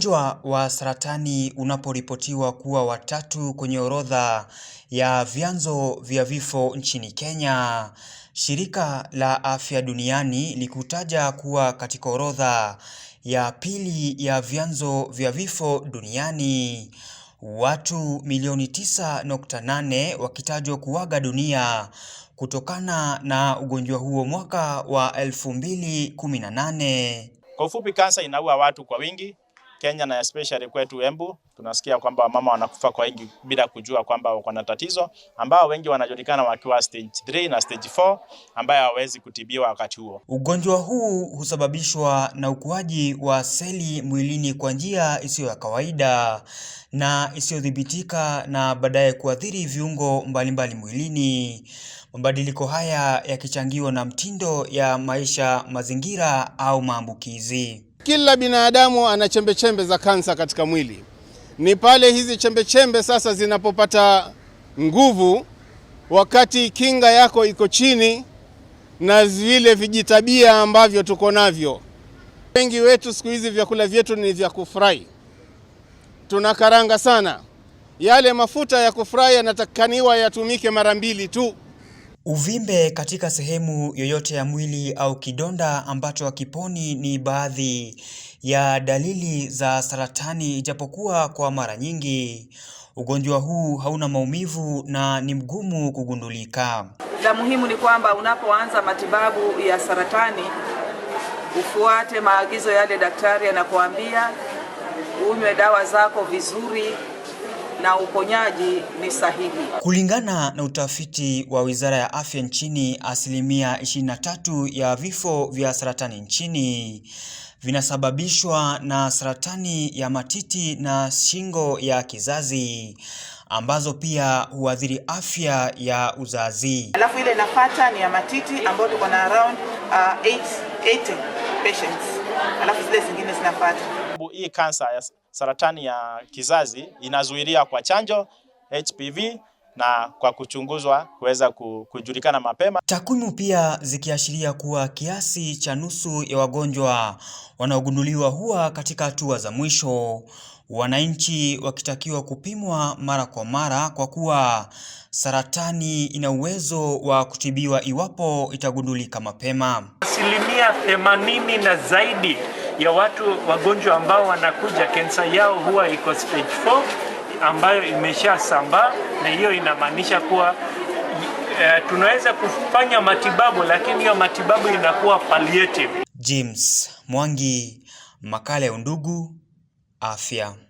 Ugonjwa wa saratani unaporipotiwa kuwa watatu kwenye orodha ya vyanzo vya vifo nchini Kenya, shirika la afya duniani likutaja kuwa katika orodha ya pili ya vyanzo vya vifo duniani, watu milioni 9.8 wakitajwa kuaga dunia kutokana na ugonjwa huo mwaka wa 2018. Kwa ufupi, kansa inaua watu kwa wingi Kenya na especially kwetu Embu, tunasikia kwamba wamama wanakufa kwa wingi bila kujua kwamba wako na tatizo, ambao wengi wanajulikana wakiwa stage 3 na stage 4, ambayo hawawezi kutibiwa wakati huo. Ugonjwa huu husababishwa na ukuaji wa seli mwilini kwa njia isiyo ya kawaida na isiyodhibitika na baadaye kuathiri viungo mbalimbali mbali mwilini. Mabadiliko haya yakichangiwa na mtindo ya maisha, mazingira au maambukizi. Kila binadamu ana chembechembe za kansa katika mwili. Ni pale hizi chembechembe sasa zinapopata nguvu, wakati kinga yako iko chini na vile vijitabia ambavyo tuko navyo. Wengi wetu siku hizi vyakula vyetu ni vya kufurahi, tunakaranga sana. Yale mafuta ya kufurahi yanatakaniwa yatumike mara mbili tu. Uvimbe katika sehemu yoyote ya mwili au kidonda ambacho hakiponi ni baadhi ya dalili za saratani ijapokuwa kwa mara nyingi ugonjwa huu hauna maumivu na ni mgumu kugundulika. La muhimu ni kwamba unapoanza matibabu ya saratani ufuate maagizo yale daktari anakuambia, unywe dawa zako vizuri na uponyaji ni sahihi. Kulingana na utafiti wa Wizara ya Afya nchini, asilimia 23 ya vifo vya saratani nchini vinasababishwa na saratani ya matiti na shingo ya kizazi ambazo pia huathiri afya ya uzazi. Alafu ile inafata ni ya matiti ambayo tuko na around uh, 880 patients alafu zile zingine zinafuata. Hii kansa ya saratani ya kizazi inazuiliwa kwa chanjo HPV na kwa kuchunguzwa kuweza kujulikana mapema. Takwimu pia zikiashiria kuwa kiasi cha nusu ya wagonjwa wanaogunduliwa huwa katika hatua za mwisho. Wananchi wakitakiwa kupimwa mara kwa mara kwa kuwa saratani ina uwezo wa kutibiwa iwapo itagundulika mapema. Asilimia themanini na zaidi ya watu wagonjwa ambao wanakuja kensa yao huwa iko stage 4 ambayo imeshasambaa, na hiyo inamaanisha kuwa e, tunaweza kufanya matibabu, lakini hiyo matibabu inakuwa palliative. James Mwangi, makala ya Undugu hacia